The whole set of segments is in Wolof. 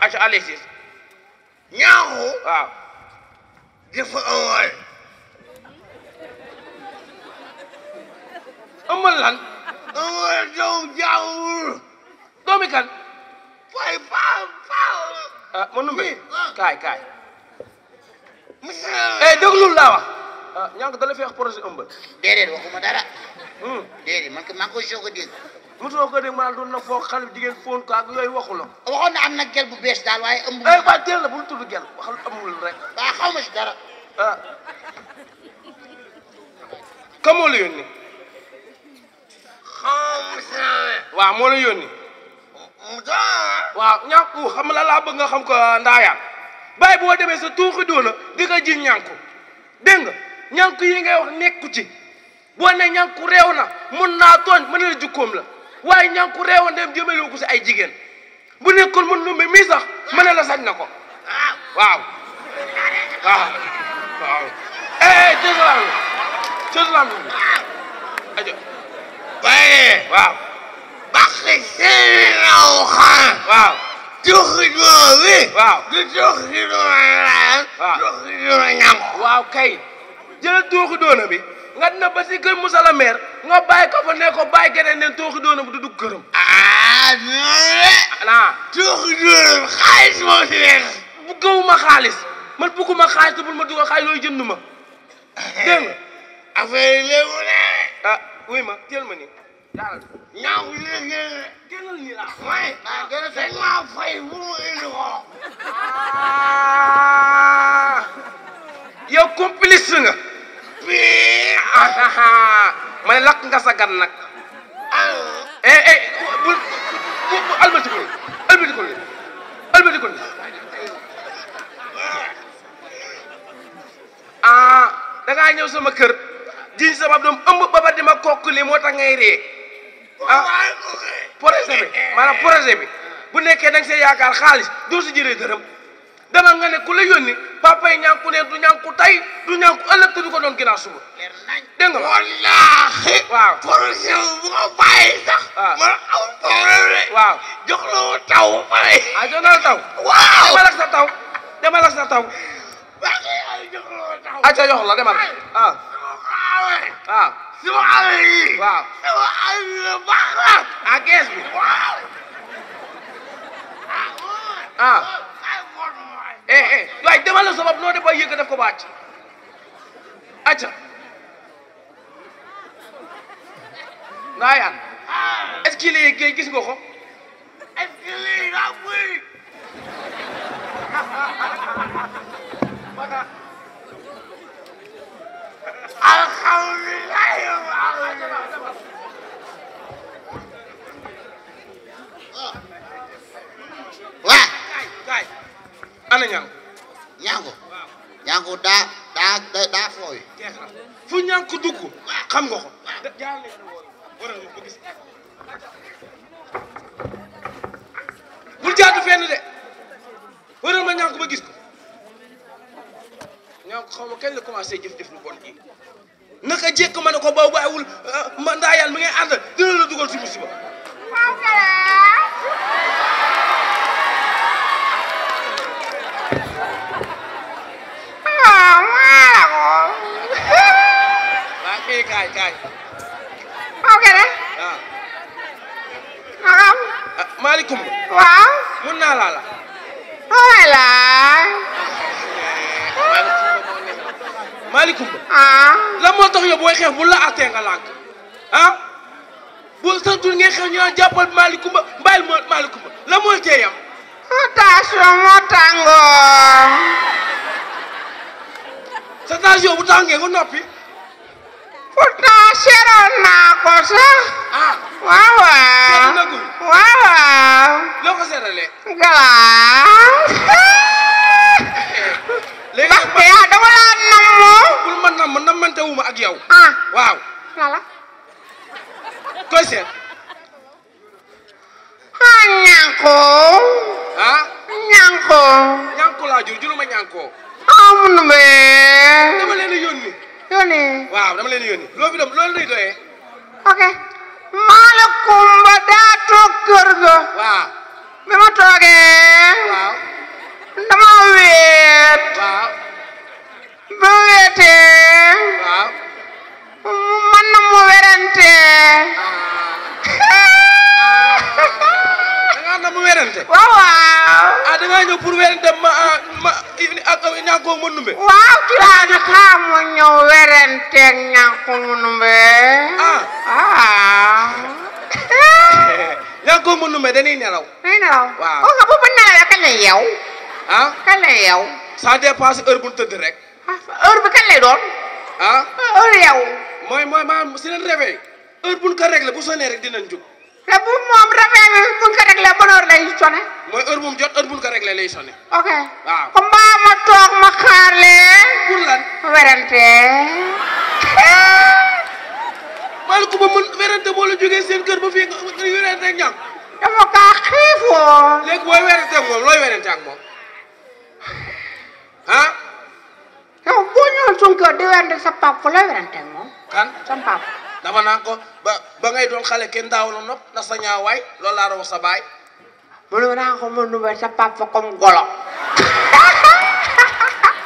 aca Alexis ñaaxu waaw dafa ëmmal ëmmal lan ëmmal doom jaawul doomi kan fay faaw faaw ah mënu mi kaay kaay eh déglul laa wax ah ko dala feex projet ëmbal déedéet waxuma dara hmm. déedéet man ko maa ngi koy soog a dégg mosoo ko dégg mal doon na foo xale jigéen fóon ko ak yooyu waxu la waxoon na am na gel bu bees daal waaye ëmb ay eh, waay teel la bul tudd gel waxal amul rek waa xaw ma si dara ah kan moo la yónni xaw ma si waaw moo la yónni waaw ñànku xam la laa bëgg nga xam ko ah, ndaayaan bàyyi boo demee sa tuuxi doona di ko ji ñànku dégg nga ñànku yi ngay wax nekku ci boo ne ñànku réew na mun naa tooñ mën la jukkoom la waaye ñànku reewandeem jëmale ko si ay jigéen bu nekkul mën lu mi sax mën na la sañ na ko waaw waaw waaw eh cësalaam la ajo waaye waaw baxi sinaw xan waaw joxinoo wi waaw du joxinoo laan joxinoo ñam waaw kay jëlal dooxi doona bi nga na ba si kër Moussa la maire nga bàyyi ko fa ne ko bàyyi keneen ne tooxi doonam du dugg këram. ah non. tooxi doonam xaalis moo si nekk. bëgguma xaalis man bëgguma xaalis te bul ma dugal looy jënd ma dégg nga. affaire yi ne. ah wuy ma jël ma nii. ñaaw bi ne génnal nii ah. nga. bi ma ne lakk nga sa gan nag ah. eh eh bu bu bu albatikul albatikul albatikul ah dangaa ñëw sama kër jiñ sama doom ëmb ba ba dima kokk li moo tax ngay ree ah projet bi maanaam projet bi bu nekkee da nga see yaakaar xaalis doo si jëree dërëm demal nga ne ku la yónni papa ne du ñànku tey du ñànku ëllëg te du ko doon ginnaaw suba. dégg waaw projet bu taw pare. ah jox la taw. waaw demal ak sa taw demal ak sa taw. waaw jox la wu taw. ah ca jox la eh eh waaye demal la sa bopp noo def ba yëg def ko ba àcc acca ndaa yaan est-ce que lii géej gis nga ko est-ce que lii daa buy alhamdulilah ana ñangu ñangu ñangu daa daa daa fooy fu ñangu dugg xam nga ko bul jaatu fenn de waral ma ñangu ba gis ko ñangu xaw ma kañ la jëf-jëf lu bon ji naka jekk ma ne ko boo bàyyiwul ah, mandaa yàlla mi ngay ànd dina la dugal si musiba Njaay. waaw keneen. waaw. magam. maaleykum. la. waaw laay. maaleykum. ah. lan moo tax yow booy bu la àttee nga lànk ah. bu sant ngeen xeex ñu naan jàppal maaleykum ba mbaayil maaleykum ba lan mooy teeyam. station bu tàngee noppi. pourtant seeroon naa ko sax. ah waaw waaw. waaw waaw. loo ko seeralee. léegi laa namoo. bul ma nam ma namante wu ah waaw. lala. koy seet. ah ñànko. ah. ñànko. laa jur juruma ñànko. ah mun na yónnee. waaw dama leen yónnee loo fi dem loolu lay ok maa kumba daa toog kër bi ma toogee. waaw dama weet. waaw ba weetee. waaw na mu werante. Ah. mu werante waaw waaw ah da ngaa ñëw pour werante ma ah, ma waaw an kaamu ñëw werenteeg Yankuba Numbe ah Yankuba ah. Numbe dañuy nelaw dañuy nelaw oo oh, nga bu bu nelawee kañ lay yeew ah kañ lay yeew ça dépasse bu tëdd ah, doon ah, ah heure mooy mooy maanaam si leen réveil heure buñ ko bu sonnee rek dinañ jóg te bu moom réveil bi buñ ko réglé ban heure lay sonné mooy heure bu mu jot heure buñ ko réglé lay sonné ok werante maanaam ku ma mën werante boo la jógee seen kër ba fii nga werante ak ñoom dafa kaa xiifoo léegi booy werante ak moom looy ak moom ah yow boo ñëwoon suñu kër di sa papa ak kan sa papa dama naan ko ba ba ngay doon xale kenn daaw nopp ndax sa ñaawaay loolu laa doon wax sa ko sa papa comme golo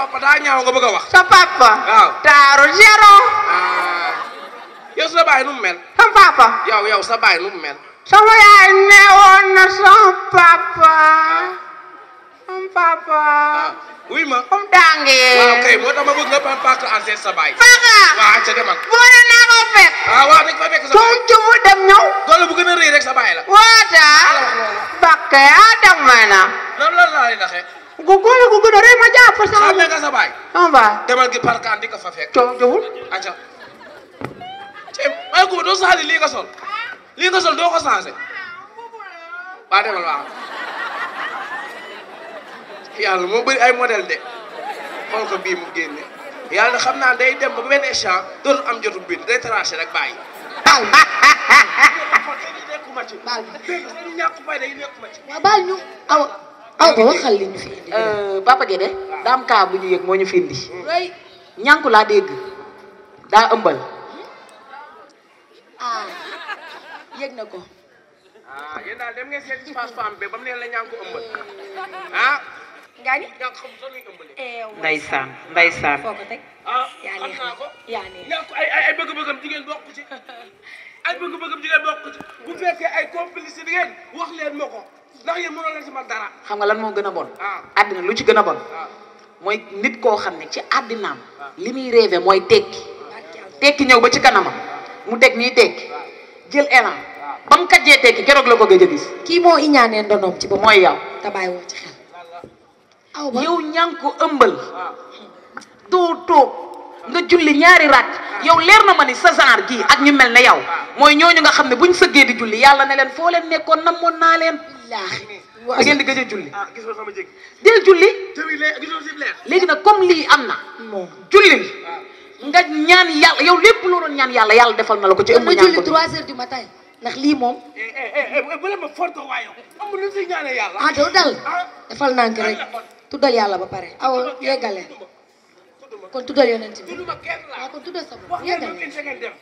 papa daa ñaaw nga bëgg a wax. sa papa. waaw taaru zéro. Ah. yow sa baay nu mel. sa papa. yow yow sa baay nu mel. sama papa. son papa. wuy ah. ma. comme dànge. waaw kay moo tax ma bëgg nga sa baay. papa. waaw ca demal. boole naa ah, sa baay. tuum dem a bakke ah dama na. gugu la gugu dooree ma jàpp sa. xàmmee baay. demal gi parkaan di ko fa fekk. coow jowul. acca te ay doo saali lii sol doo ko changé waa demal waa yàlla moo bëri ay modèle de xool bii mu génne yàlla xam naa day dem ba benn am jotu bind day tranché rek bàyyi. baal ma baal ah oh. waxal li ñu fi indi. Euh, Papa Guédé daa kaa bu ñu yëg moo ñu fi indi. ñànku laa dégg daa ëmbal. ah yëg na ko. ah yéen daal dem ah. eh, foo ko teg ah, yaa ay ay bëgg jigéen bokk ci ay bëgg-bëggam jigéen bokk bu fekkee ay complice ngeen wax leen ma ko. ndax yéen mënoo dara. xam nga lan moo gën a bon. Ah. àddina lu ci gën a bon. Ah. mooy nit koo xam ne ci àddinaam. li muy rêvé mooy tekki. tekki ñëw ba ci kanamam. mu deg nii tekki. jël élan. ba mu kàjjee tekki keroog la ko gëj kii moo iñaanee ndonoom ci boppam. mooy yow. te bàyyi woo ci xel. aw ba yow ko ëmbal. Ah. doo toog nga julli ñaari rakk yow leer na ma ni sa genre gii ak ñu mel ne yow mooy ñooñu nga xam ne buñ sëggee di julli yàlla ne leen foo leen nekkoon moon naa leen. waaw da di gëj a julli. ah gisoo sama jéggi. del julli. léegi nag comme lii am na. julli. nga ñaan yàlla yow lépp loo doon ñaan yàlla yàlla defal na la ko ci ëmb ñaan ko julli trois heures du matin ndax lii moom. Eh, eh, eh, bala ma forto waayo amul lu si ñaanee yàlla. ah doo dal ah. defal nànk rek tuddal yàlla ba pare awa yeggale kon tuddal yonent bi waaw ah, kon tuddal sa bopp yeggale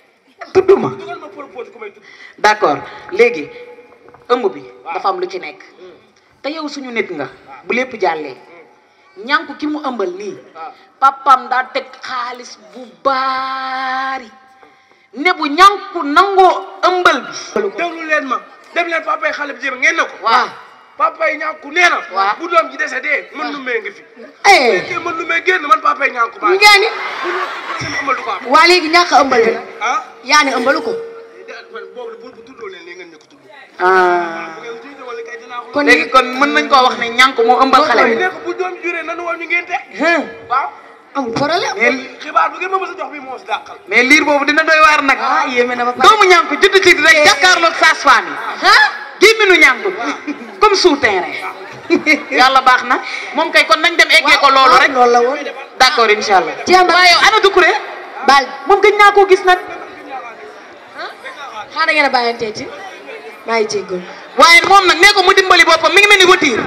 tudduma d'accord léegi ëmb bi dafa am lu ci nekk te yow suñu nit nga bu lépp jàllee ñànku ki mu ëmbal nii papam daa teg xaalis bu baari ne bu ñànku nangoo ëmbal bi déglu leen ma dem leen papay xale bi jëm ngeen ne ko papay ñànku nee na bu doom ji dese dee mën lu mee fi ay eh. mën lu mee génn man papay ñànku baa ngeen ni bu ëmbal du ko am waa léegi ñàkk ëmbal bi ah? yaa ne ëmbalu ko kon ah. léegi kon mën nañ koo wax ne ñànk moo ëmbal xale bi. bu doom juree nanu woon ñu ngénte. mais bu ngeen ma mës a jox bi moo si mais liir boobu dina doy waar nag. Ah, na ba pare doomu ñànk judd ci rek eh. jàkkaarloog saas-faan yi. ah gémminu ñànk comme souterrain. yàlla baax na moom kay kon nañ dem eggee ko loolu rek. Ah, loolu la woon d' accord incha allah. waaye yow ana Doucouré. baal moom gëj naa koo gis nag. ah xaaral ngeen a bàyyantee ci. maa ngi jégalu waaye moom nag nee ko mu dimbali boppam mi ngi mel ni wëtiir